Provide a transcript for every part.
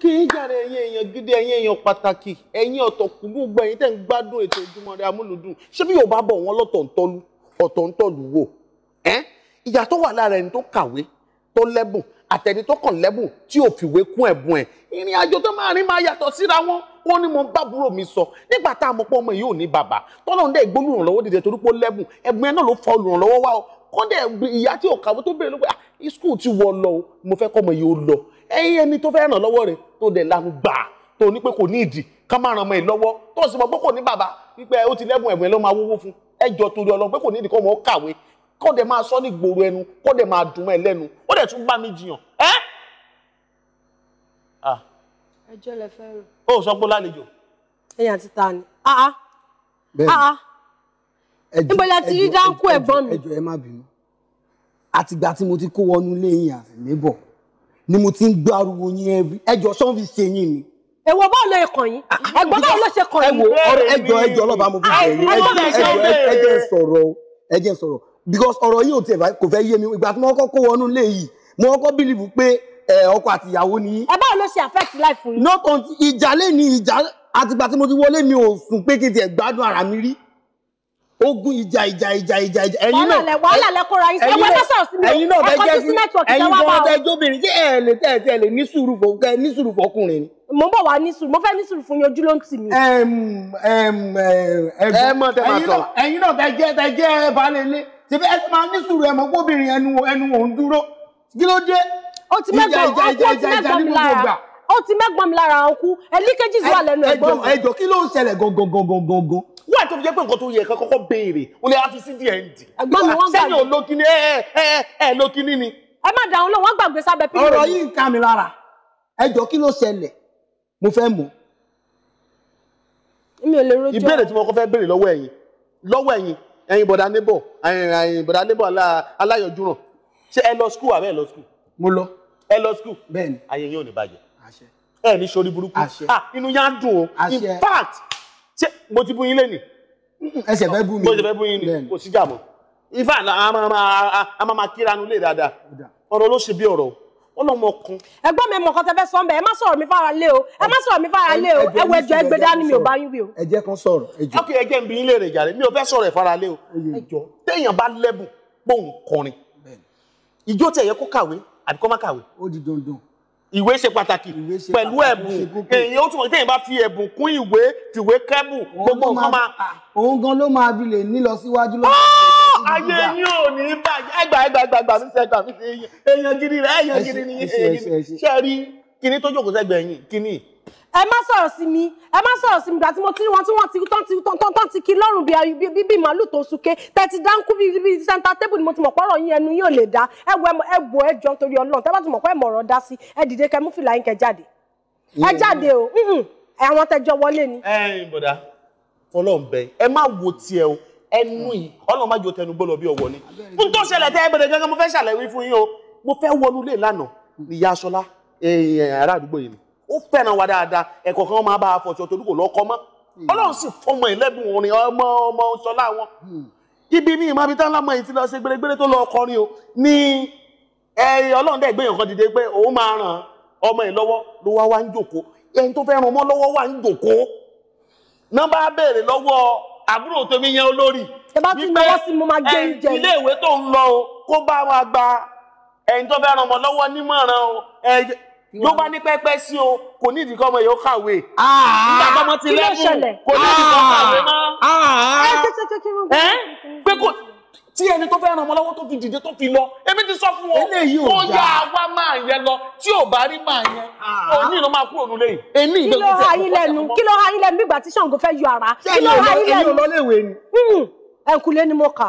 kí n jàre ẹ̀yin èèyàn gidi ẹ̀yin èèyàn pàtàkì ẹ̀yin ọ̀tọ̀kùn gbogbo ẹ̀yin tẹ́ ń gbádùn ètò Ojúmọ́ Ire amúlùdùn ṣé bí yóò bá bọ̀ wọ́n lọ́tọ̀ ń tọ́lu ọ̀tọ̀ ń tọ́lu wò ẹ́ ìyà tó wà lára ẹni tó kàwé tó lẹ́bùn àtẹni tó kàn lẹ́bùn tí ò fìwé kún ẹ̀bùn ẹ̀ ìrìn àjò tó máa rìn máa yàtọ̀ síra wọn wọn ni mo bá búrò mi sọ nígbà tá a mọ̀ pé ọmọ yìí ò ní bàbá tọ́lọ́run dẹ̀ gbólùrànlọ́wọ́ dìde torí pé ó lẹ́bùn ẹ̀bùn ẹ̀ náà ló fa olùrànlọ́wọ́ wá o kọ́ńdẹ̀ ìyá tí ò kàwé tó béèrè ló pé ah school ti wọ lọ o mo fẹ́ kọ́ ọmọ yìí ó lọ ẹ̀yin ẹni tó fẹ́ ràn lọ́wọ́ rẹ tó dẹ̀ lanu gbà tó ní pé kò ní ìdí ká má ràn ọmọ ẹ̀ lọ́wọ́ tó sì mọ̀ pé kò ní bàbá wípé ó ti lẹ́bùn ẹ̀bùn ẹ̀ ló máa wówó fún ẹjọ́ torí Ọlọ́run pé kò ní ìdí kọ́ ọmọ ó kàwé kó dẹ̀ máa sọ ní gbòòrò ẹnu kó dẹ̀ máa dùn ẹ lẹ́nu ó dẹ̀ tún bá mi jiyàn ẹ́. ẹjọ́ lẹ fẹ́ rò. ó sọ pé lálejò. ẹ̀yin àti ta ni. bẹ́ẹ̀ni níbo la ti rí dáńkù ẹ̀gbọ́n mi. ẹjọ́ ẹ má bínú àtìgbà tí mo ti kó wọnú lẹ́yìn àfẹmí bọ ni mo ti ń gbọ́ ariwo yín every ẹjọ́ sọ́n fi ṣe yín ni. èwo báwo ló kàn yín ah, ẹ̀gbọ́n báwo ló ṣe kàn yín. ẹwọ ẹjọ́ ẹjọ́ ọlọ́ba mo fi ṣe yín ẹjọ́ ẹjọ́ sọ̀rọ̀ ẹjọ́ sọ̀rọ̀ because ọ̀rọ̀ yìí ò tiẹ̀ kò fẹ́ yé mi ìgbà tí mo kọ́kọ́ kó wọnú ilé yìí mo kọ́kọ́ bílíìfù pé ọkọ àti ìyàwó ni. ẹ báwo ló ṣe affect life yín. not until ìjà lé ìjà àtìgbà tí mo ti wọlé mi ò sùn pé kí n tiẹ̀ gbádùn ara mi rí ogun ìjà ìjà ìjà ìjà ìjà ẹ̀yin náà wàhálà lẹ kóra yín sí ẹwọ lọsàn sí mi ẹ̀yin náà bẹ jẹ bí ẹ̀yin náà bẹ jóbìnrin tí ẹ lè tẹ ẹ tẹ lè ní sùúrù fọkẹ ní sùúrù fọkùnrin ni. mo ń bọ̀ wá ní sùúrù mo fẹ́ ní sùúrù fún yín ojú ló ń tì mí. ẹ mọ tẹ máa sọ. ẹ̀yin náà bẹ jẹ tẹ jẹ balẹ̀ ilé ṣe fẹ́ ẹ ti máa ní sùúrù ẹ mọ̀ gbóbìnrin ẹnu ẹnu òun dúró kí ló dé. ó ti mẹ́gbọ̀n ó ti mẹ́gbọ̀n mi lára ọkú ẹ̀líkẹ́jì zuwa mi. ẹjọ wọ́n àti òfìjẹ́ pé nǹkan tó yẹ ká kọ́kọ́ béèrè ó lè àfi sí dnd. sẹ́yìn olókìní ẹ ẹ ẹ lókìní ni. ẹ má dàrún lọ wọn gbàgbé sábẹ́ pínlẹ. ọ̀rọ̀ yìí ń ká mi lára ẹ jọ kí ló ṣẹlẹ̀ mo fẹ́ mọ̀. mi ò lè rojọ́. ìbéèrè tí mo kọ́ fẹ́ béèrè lọ́wọ́ ẹ̀yin lọ́wọ́ ẹ̀yin ẹ̀yin bọ̀dá níbọ̀ ẹ̀yin bọ̀dá níbọ̀ aláyọ̀júràn ṣé ẹ lọ skul àbẹ́ ẹ lọ skul. mo lọ. ẹ lọ skul. bẹ́ẹ̀ni. ayé yín ò ní bàjẹ́. àṣẹ. ẹ ní sori burúkú. àṣẹ. ah inú yá dùn o. in fact mo ti bú yín lẹ́nì. ẹsẹ̀ fẹ́ bú mi. mo ti fẹ́ bú yín ni kò sí jàmọ́ ifá a máa máa kíra nulẹ̀ dáadáa ọ̀rọ̀ ló ṣe bí ọ̀rọ̀ ọlọ́mọ kan. ẹ̀gbọ́n mi mọ̀ kan tẹ́fẹ́ sọ ń bẹ̀ ẹ má sọ̀rọ̀ mi fara lé o ẹ má sọ̀rọ̀ mi fara lé o ẹ wo ẹjọ ẹgbẹ́ dání mi ò bá yín wí o. ẹ kan sọ̀rọ̀ ẹjọ. ok ẹ jẹ́ n bi yín léèrè jàre mi ò fẹ́ sọ̀rọ̀ ẹ̀ fara lé o ẹjọ téèyàn bá lẹ́bùn pòun kọrin ìjó tẹ̀yẹ kó kàwé àbí kó má kàwé. ó di dandan ìwé ṣe pàtàkì pẹ̀lú ẹ̀bùn èyí ó túnmọ̀ téèyàn bá fi ẹ̀bùn kún ìwé tìwé kẹ́bù gbogbo nǹkan máa. òun gan ló máa fi lè nílọ síwájú lọ. Ah! ayé yín ò ní bàjẹ́ ẹgbà ẹgbà ẹgbà ẹgbà mi sẹ́gbà mi sẹ́yìn èèyàn gidi rẹ̀ èèyàn gidi ni èèyàn gidi ṣe rí kíní tó jókòó sẹ́gbẹ̀ẹ́ yín kíní ẹ má sọ̀rọ̀ sí mi ẹ má sọ̀rọ̀ sí mi gbà tí mo ti rí wọn tí wọ́n ti tán ti tán tán ti kí lọ́rùn bí bí màálù tó súnké tẹ́tí dáńkú bí bí sẹ́ńtà tébù ni mo ti mọ̀ pọ́rọ̀ yín ẹnu yóò lè dá ẹ wo ẹ wo ẹ jọ nítorí ọlọ́run tẹ́ bá ti mọ̀ pé ẹ mọ̀ ọ̀rọ̀ dá sí ẹ dìde kẹ́ mú fìlà yín kẹ́ jáde ẹ jáde o àwọn tẹjọ wọlé ni. ẹ ẹ bọ̀dá fọlọ́n bẹ ẹ má wo tiẹ̀ o ẹnu yìí ọlọ́run má jò tẹnu gbọ́dọ̀ bí ọwọ́ ni n tó ṣẹlẹ̀ tẹ́ ẹ bẹ̀rẹ̀ gẹ́gẹ́ mo fẹ́ ṣàlàyé fún yín o mo fẹ́ wọnú lè lánàá ìyá aṣọlá ẹ̀yìn ará yìí ni ó fẹ́ràn wa dáadáa ẹ̀kọ́ kan máa bá a fọṣọ torí kò lọ́kọ mọ́ hmm. ọlọ́run sì fọmọ ìlẹ́bùn orin ọmọ sọlá wọn hmm. ibi ní ìmọ̀ abitá ńlá mọ́ èyí ti lọ ṣe o ni ẹ̀yìn ọlọ́run dẹ̀ gbẹ̀yàn kan dìde pé òun máa ràn ọmọ ẹ̀ lọ́wọ́ ló wá wá ń jòkó ẹni tó fẹ́ ràn ọmọ lọ́wọ́ wá ń jòkó náà bá o kó bá wa gba ẹni tó fẹ́ ràn ló bá ní pẹ́pẹ́ sí o kò ní ìdíkọ́ ọmọ yìí ó kàwé ah, nígbà tó ọmọ ti lẹ́kùn kò ní ìdíkọ́ ah, kàwé mọ́. Ah. pé kò tí ẹni tó fẹ́ ràn ọmọ lọ́wọ́ tó fi dìde tó fi lọ èmi ti sọ fún wọn ó yá wá máa yẹn lọ tí ò bá rí máa yẹn òní ló máa kúrò nílé yìí. èmi ìlú kò tẹ̀ ọ́ lẹ́nu kí ló ha ilẹ̀ nu bí ìgbà tí Ṣàngó fẹ́ yọ ara kí ló ha ilẹ̀ nu ẹ̀kúlé ni mo kà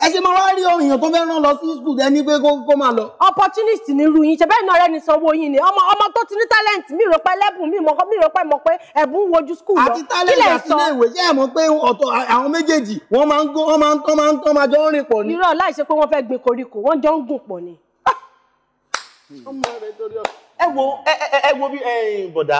ẹ ṣe máa wá rí ọyàn tó fẹ́ rán lọ sí school ẹni pé kó máa lọ. opportunist ni irú yín ṣe bẹ́ẹ̀ náà rẹ́ni sanwó yín ni ọmọ ọmọ tó ti ní talent mi rò pé lẹ́bùn mi mọ̀ mi rò pé mọ̀ pé ẹ̀bùn wojú school lọ àti talent àti ilé ìwé ṣé ẹ mọ̀ pé ọ̀tọ̀ àwọn méjèèjì wọ́n máa ń gún wọ́n máa ń tọ́ máa ń tọ́ máa jọ ń rìn pọ̀ ni. irọ́ láì ṣe pé wọ́n fẹ́ gbin koríko wọ́n jọ ń gùn pọ̀ ni. ẹ wo ẹ wo bí bọ̀dá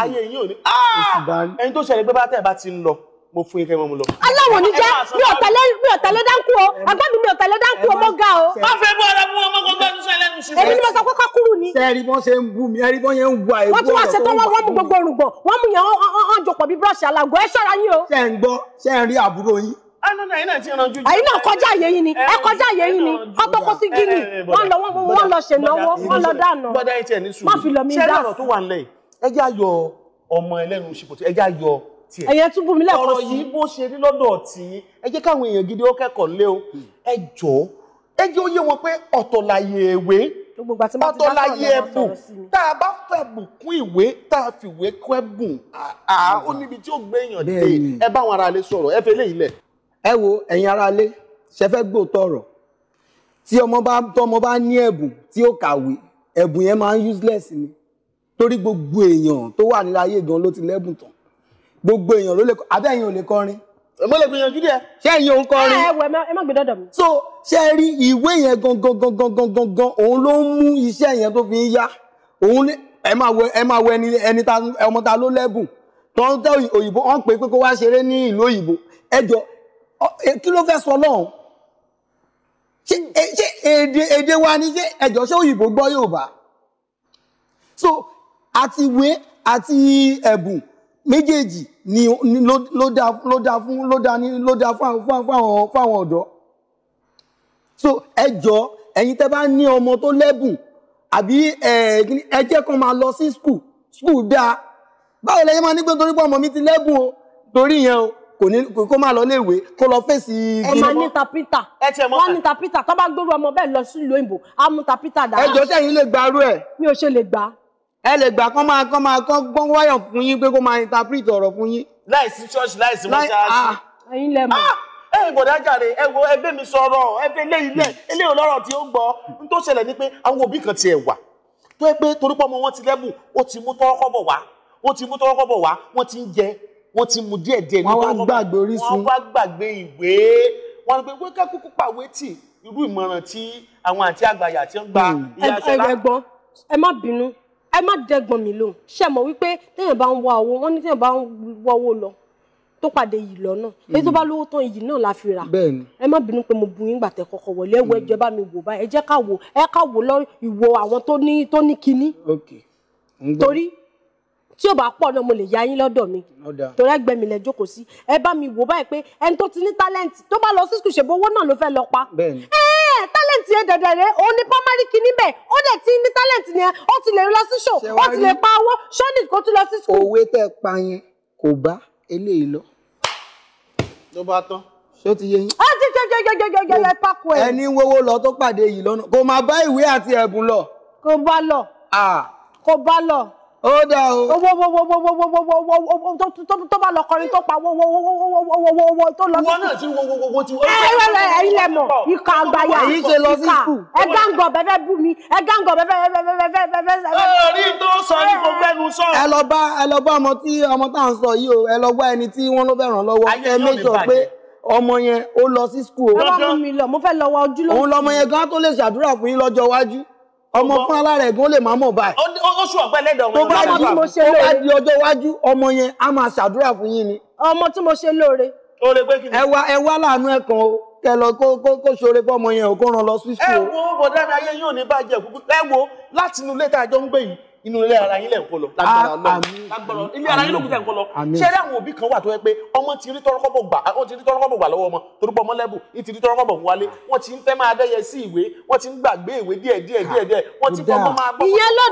ayé yín ò ní ah! ẹni tó ṣẹlẹ̀ pé bá tẹ̀ bá ti ń lọ mo fún ikẹ́ mọ́ mu lọ. aláwọ̀ ní jẹ́ mi ò tẹ̀lé mi ò tẹ̀lé dáńkú o agbẹ́bí mi ò tẹ̀lé o mo ga o. má fẹ́ bọ́ ọ̀rẹ́ fún ọmọ kan gbẹ́nu ni mo sọ pé ká kúrú ṣe ń bú mi ẹ̀rí bọ́n yẹn ń bu àìkú ọ̀rọ̀ wọ́n tún wá ṣetán wọ́n mú gbogbo orùngbọ̀n wọ́n mú yẹn ọ̀n jọpọ̀ bí búrọ̀ṣì alágọ̀ ẹ ṣọ́ra o. ṣe ń gbọ́ ṣe ń rí àbúrò yín. Àyín ah, náà kọjá àyè yín ni, ẹ kọjá àyè yín ni, ọtọ́ kó sí gíní, wọ́n lọ wọ́n lọ ṣènáwó, wọ́n lọ dáná. Gbọ́dá ẹ̀ tiẹ̀ ní sùúrù. Má fi lọ mi dá. Ṣé tiẹ̀. ẹ̀yẹ tún bù mí lẹ́kọ̀ọ́ sí. ọ̀rọ̀ yìí bó ṣe rí lọ́dọ̀ tí ẹ jẹ́ káwọn èèyàn gidi ó kẹ́kọ̀ọ́ lé o hmm. ẹ jọ̀ọ́ ẹ jẹ́ ó yé wọn pé ọ̀tọ̀ láyé ìwé ọ̀tọ̀ láyé ẹ̀bùn tá a bá fẹ́ bùn kún ìwé tá a fi ìwé kún ẹ̀bùn àá ó hmm. níbi tí ó gbé èèyàn dé ẹ bá àwọn aráalé sọ̀rọ̀ ẹ fẹ́ léyìí lẹ̀. ẹ wo ẹ̀yin aráalé ṣe fẹ́ gbóòótọ́ ọ̀rọ̀ tí ọmọ bá tọmọ bá ní ẹ̀bùn tí ó kàwé ẹ̀bùn yẹn máa ń useless ni torí gbogbo èèyàn tó wà nílẹ̀ ayé gan ló ti lẹ́bùn tán gbogbo èèyàn ló lè kọ abẹ́ ẹ̀yin ò lè kọrin mo lè gbìyànjú díẹ̀ ṣé ẹ̀yin òun kọrin. ẹ wẹ ẹ má gbé dọdọ mi. so ṣe rí ìwé yẹn gangan gangan gangan gan òun ló ń mú iṣẹ́ yẹn tó fi ń yá òun ẹ máa wẹ ẹ máa wẹ ẹni ẹni ta ọmọ ta ló lẹ́bùn tó ń tẹ́ òyìnbó wọ́n pè é pé kó wá ṣeré ní ìlú òyìnbó ẹ jọ kí ló fẹ́ sọ náà ṣé èdè èdè wa ni ṣé ẹ jọ ṣé òyìnbó gbọ́ Yorùbá so àti ìwé àti ẹ̀bùn méjèèjì ni ló dá ló dá fún ló dáa ní ló dá fún àwọn fáwọn fáwọn ọ̀dọ́ so ẹ jọ ẹ̀yin bá ní ọmọ tó lẹ́bùn àbí ẹ jẹ́ kàn máa lọ sí skul skul dáa báwo lẹ́yìn máa ní torí pé ọmọ mi ti lẹ́bùn o torí yẹn o kò ní kó máa lọ léèwé kó lọ fèsì. ọmọ ní tapita wọn ní tapita tó bá gbóró ọmọ bẹ́ẹ̀ lọ sílùú òyìnbó á mú tapita dáa. ẹ jọ lè gbarú ẹ̀. mi ò ṣe lè gbà á ẹ lè gbà kán máa kán máa kán gbọ́n wáyọ̀ fún yín pé kó máa interpret ọ̀rọ̀ fún yín. láìsí church láìsí mọ́ṣáláṣí. Ah. ẹ̀yin lẹ mọ̀. Ah! ẹ ìbọ̀dá jàre ẹ wo ẹgbẹ́ mi sọ̀rọ̀ ẹ fẹ́ lé ilé ilé hmm. ọlọ́rọ̀ tí ó gbọ́ n tó ṣẹlẹ̀ ni pé àwọn òbí kan tiẹ̀ wà tó yẹ pé torí pọ́mọ wọn ti lẹ́bù ó ti mú tọ́wọ́kọ́ bọ̀ wá ó ti mú tọ́wọ́kọ́ bọ̀ wá wọ́n ti ń jẹ wọ́n ti mú díẹ̀ díẹ̀ nípa wọn wá gbàgbé ìwé wọn ni pé wíkẹ́ kúkú pàwé tì irú ìmọ̀ràn tí àwọn àti àgbàyà ti ń gba hmm. ìyá ṣọlá. ẹ gbọ́ ẹ má bínú ẹ má dẹ́gbọ́n mi lóhùn ṣe mọ̀ wípé téèyàn bá ń wá owó wọ́n ní téèyàn bá ń wá owó lọ tó pàdé yìí lọ́nà èyí tó bá mm-hmm. lówó tán yìí náà la fi rà ẹ má bínú pé mo bu yín gbàtẹ kọ́kọ́ wọlé ẹwọ ẹjọ bá mi wò báyìí ẹ jẹ́ ká wò ẹ ká wò lọ ìwọ àwọn tó ní tó ní kinní torí tí ò bá pọ̀ náà mo lè ya yín lọ́dọ̀ mi torí ẹgbẹ́ mi lẹ jókòó sí ẹ bá mi wò báyìí pé ẹni tó ti ní tálẹ́ǹtì tó bá lọ sí sùkúl owó náà ló fẹ́ lọ pa ẹ talent yẹn dẹ̀dẹ̀rẹ̀ òun ni primary kì níbẹ̀ ó dẹ̀ ti ní talent yẹn ó ti lè lọ sí show ó ti lè pa owó ṣọ́ọ̀nì kó tún lọ sí school. òwe tẹ pa yẹn kò bá eléyìí lọ. ló bá tán. ṣé ó ti yé yín. ó ti jẹ jẹ jẹ jẹ jẹ jẹ ẹ pàkó ẹ. ẹni wọ́wọ́ lọ tó pàdé yìí lọ́nà kò máa bá ìwé àti ẹ̀bùn lọ. kò bá lọ. kò bá lọ ó dá o. tó bá lọ tó pa wọ́wọ́wọ́wọ́wọ́wọ́ tó lọ wọn náà ti wọ́wọ́wọ́ ti wọ́n. ẹ ẹ ẹ ilẹ̀ mọ̀ ikọ̀ àgbáyà ìkà ẹ gángọ̀ bẹ́ẹ̀ bú mi ẹ gángọ̀ bẹ́ẹ̀ bẹ́ẹ̀. orí tó sọ ní kò gbẹnu sọ. ẹ lọ bá ẹ lọ bá ọmọ tí ọmọ tá à ń sọ yìí o ẹ lọ bá ẹni tí wọ́n ló fẹ́ ràn ẹ méjọ pé ọmọ yẹn ó lọ sí skul. ẹ wá mi lọ mo fẹ́ lọ wá ojúlówó. òun lọmọ yẹn gan tó lè ṣàdúrà fún yín lọ́jọ́ iwájú ọmọ fún alára ẹ̀gbọ́n lè máa mọ̀ báyìí. ó sùn ọ̀pẹ lẹ́dọ̀ ọmọ tó bá di mo ṣe lóore. tó bá di ọjọ́ iwájú ọmọ yẹn á máa ṣàdúrà fún yín ni. ọmọ tí mo ṣe lóore. ó lè pé kí ni. ẹ wá ẹ láàánú ẹ o kẹ lọ kó kó kó ṣoore fọmọ yẹn ò kó ràn lọ sí. ẹ wo bọ̀dá mi ayé yóò ní bàjẹ́ kúkú ẹ wo látinú létà àjọ ń gbé yìí inú ilé ara yín lẹ́ǹkọ́ lọ ah, lágbára Ọlọ́run ilé ara yín lòkúta ẹ̀ǹkọ́ lọ ṣé rí àwọn òbí kan wà tó yẹ pé ọmọ ti rí tọrọkọ́bọ̀ gbà ah, wọ́n ti rí tọrọkọ́bọ̀ gbà lọ́wọ́ ọmọ torí pé ọmọ lẹ́bù ní ti rí tọrọkọ́bọ̀ ń wálé wọ́n ti ń fẹ́ máa dẹ́yẹ sí ìwé wọ́n ti ń gbàgbé ìwé díẹ̀ díẹ̀ díẹ̀ díẹ̀ wọ́n ti fọmọ máa gbọ́ ìyẹn ló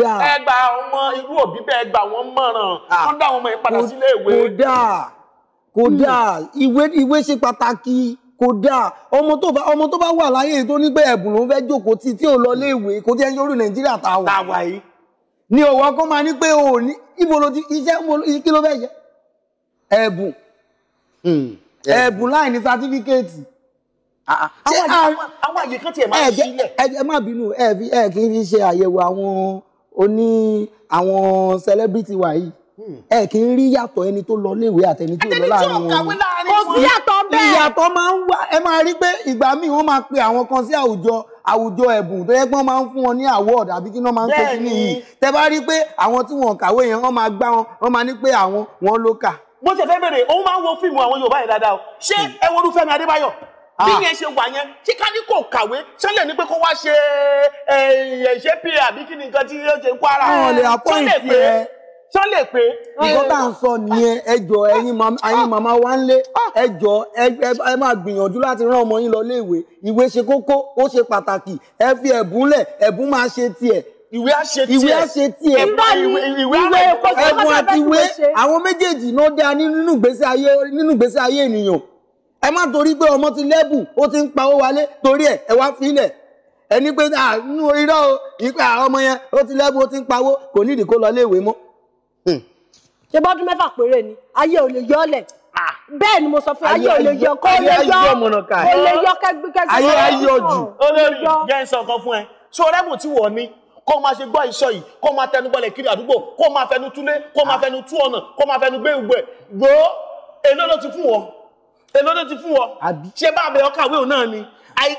da ẹ gba ọmọ irú òbí bẹ́ẹ̀ gba wọ́n mọ̀ràn ah. wọ́n dá àwọn ọmọ yẹn padà sílé ìwé. kódà kódà hmm. ìwé ìwé ṣe pàtàkì kódà ọmọ tó bá ọmọ tó bá wà láyé tó ní pé ẹ̀bùn ló ń fẹ́ jókòó tí tí ò lọ léèwé kó tí ẹ ń yọrù nàìjíríà tá a wà. tá a wà yìí ni ọ̀wọ́ kan máa ní pé o ní ibo lo ti iṣẹ́ kí ló fẹ́ jẹ hmm, ẹ̀bùn ẹ̀bùn láì ní sátífíkẹ́ẹ̀tì. Ah, ah. àwọn àyè kan tiẹ̀ máa sílẹ̀. ẹ má bínú ẹ kì í ṣe àyẹ̀wò àwọn oní àwọn sẹlẹ́bírìtì wa yìí hmm. ẹ kì í rí yàtọ̀ ẹni tó lọ léèwé àtẹni tó lọ láàrin wọn kò sí yàtọ̀ bẹ́ẹ̀ ìyàtọ̀ máa ń wá ẹ máa rí pé ìgbà míì wọ́n máa pe àwọn kan sí àwùjọ àwùjọ ẹ̀bùn tó yẹ pé wọ́n máa ń fún wọn ní award àbí kí wọ́n máa ń pè kí nìyí tẹ bá rí pé àwọn tí wọn kàwé yẹn wọ́n máa gbá wọn wọ́n máa ní pé àwọn wọn ló kà. mo ti fẹ́ bèrè òun máa ń wo fíìmù àwọn Yorùbá yẹn dáadáa o ṣé hmm. ẹ wo Fẹ́mi Adébáyọ̀ bí ah. yẹn ṣe wà yẹn tí ká ní kò kàwé ṣẹlẹ̀ ní pé kó wá ṣe ẹ̀ṣẹ́ eh, eh, pé àbí kí ni nǹkan tí ó ṣe kó ara wọn ṣẹlẹ̀ pé tán lè pé. nǹkan tá à ń sọ nìyẹn ẹ jọ ẹ̀yin màmá wa ń lé ah! ẹ jọ ẹ máa gbìyànjú láti rán ọmọ yín lọ léèwé ìwé ṣe kókó ó ṣe pàtàkì ẹ fi ẹ̀bùn lẹ̀ ẹ̀bùn máa ṣe tiẹ̀ ìwé àṣetì ìwé àṣetì ẹ ìwé ẹ̀bùn àti ìwé àwọn méjèèjì náà dá nínú ìgbésí ayé nínú ìgbésí ayé ènìyàn ẹ má torí pé ọmọ ti lẹ́bùn ó ti ń pawó wálé torí ẹ ẹ wá fílẹ̀ ẹni pé nínú irọ́ ìpè àwọn ọmọ yẹn ó ti lẹ́bùn ó ti ń pawó kò nídìí kó lọ léèwé mọ́ Hmm. ṣe bọ́dún mẹ́fà péré ni ayé ò lè yọ ọ́ lẹ̀ ah. bẹ́ẹ̀ ni mo sọ fún ayé ò lè yọ kó lè yọ kó lè yọ kẹgbẹkẹgbẹ ayé ayé ojú olórí jẹ́ ń sọ nǹkan fún ẹ sọ rẹ́bùn tí wọ́n ní kó máa ṣe gbọ́ iṣọ́ yìí kó máa tẹnu bọlẹ̀ kiri àdúgbò kó máa fẹnu túlé kó máa ah. fẹnu tú ọ̀nà kó máa fẹnu gbé ìgbẹ́ gbòó èló ló ti fún wọn èló ló ti fún wọn ṣé bá àbẹ̀yọ kàwé òun náà ni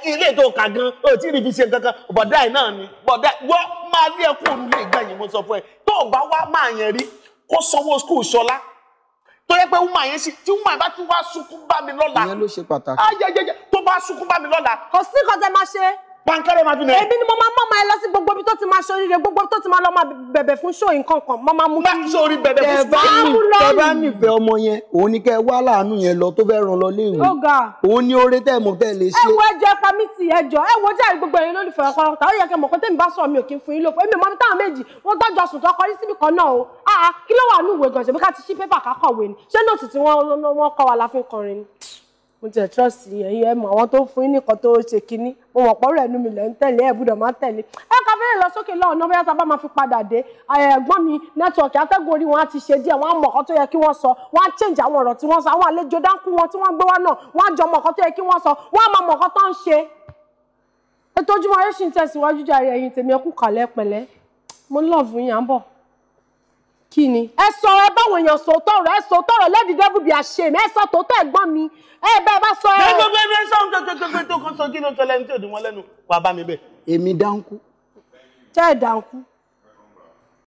ilé tó kà gan o tí ì fi ṣe kankan bọ̀dá ẹ̀ náà ni bọ̀dá wọ́n máa lé ẹkú òun lè gbà yìí mo sọ fún ẹ tó o bá wá máa yẹn rí kó sanwó skul ṣọlá tó yẹ pé wúmà yẹn sì tí wúmà bá tún wá sunkún bá mi lọ́la ìyẹn ló ṣe pàtàkì ayẹyẹ tó bá sunkún bá mi lọ́la. kò sí kọ́tẹ́ máa ṣe pankẹ́rẹ́ ma fi nà. ebi ni mo máa mọ́ máa lọ sí gbogbo ibi tó ti máa ṣoríire gbogbo ibi tó ti máa lọ máa bẹ̀bẹ̀ fún ṣó nǹkan kan mo máa mú kí. máa sori bẹ̀bẹ̀ fún ṣó. tẹ bá nífẹ̀ẹ́ ọmọ yẹn òun ni kẹ́ ẹ wá láàánú yẹn lọ tó fẹ́ ràn lọ léèwé. òun ni oore tẹ́ ẹ mọ̀ tẹ́ ẹ lè ṣe. ẹ wo ẹjọ mi ti ẹjọ ẹ wo jáde gbogbo ẹ̀yin lólùfẹ́ ọkọ ọ̀tá ó yẹ kẹ́ mọ̀ kó tẹ́mi bá sọ mi ò kí n fún yín lóko èmi mọ mi táwọn méjì wọn tọ́jú ọ̀sùn tó kọrí síbi kan náà o ah, ah, kí ló wa ní ìwé gan ṣe bí ká ti ṣí pépà ká kọ̀wé ni ṣé nóòtù tí wọ́n kọ́ wa la fi ń ni mo jẹ trust ẹyin ẹ mọ àwọn tó fún yín nìkan tó ṣe kínní mo mọ pọrọ ẹnu mi lẹ ń tẹ̀lé ẹ gbọ́dọ̀ máa tẹ̀lé ẹ ká fẹrẹ lọ sókè lọ ọ̀nà bóyá tá a bá máa fi padà dé ẹ̀gbọ́n mi nẹ́tíwọ̀kì atẹ́gùn orí wọn á ti ṣe díẹ̀ wọn á mọ ọkọ tó yẹ kí wọ́n sọ wọn á change àwọn ọ̀rọ̀ tí wọ́n sọ àwọn àlejò dáńkú wọn tí wọ́n gbé wá náà wọn á jọ mọ ọkọ tó yẹ kí wọ́n sọ wọn á máa mọ ọkọ tó ń ṣe ètò Ojúmọ́ Ire ṣì ń tẹ̀síwájú jàre ẹ̀yin tèmi ẹ kú kàlẹ̀ pẹ̀lẹ́ mo love yín à ń bọ̀ kí ni. ẹ sọ ẹ báwọn èèyàn sọ tọrọ ẹ sọ tọrọ lẹbi dẹbù bíi àṣemí ẹ sọ tòótọ́ ẹ̀gbọ́n mi ẹ bẹ bá sọ. ẹ gbogbo ẹgbẹ sọhún tó tó tó tó kó sọ kí ló tọ lẹnu tí ò dín wọn lẹnu wàá bá mi bẹ. èmi dáńkú. tẹ́ ẹ̀ dáńkú.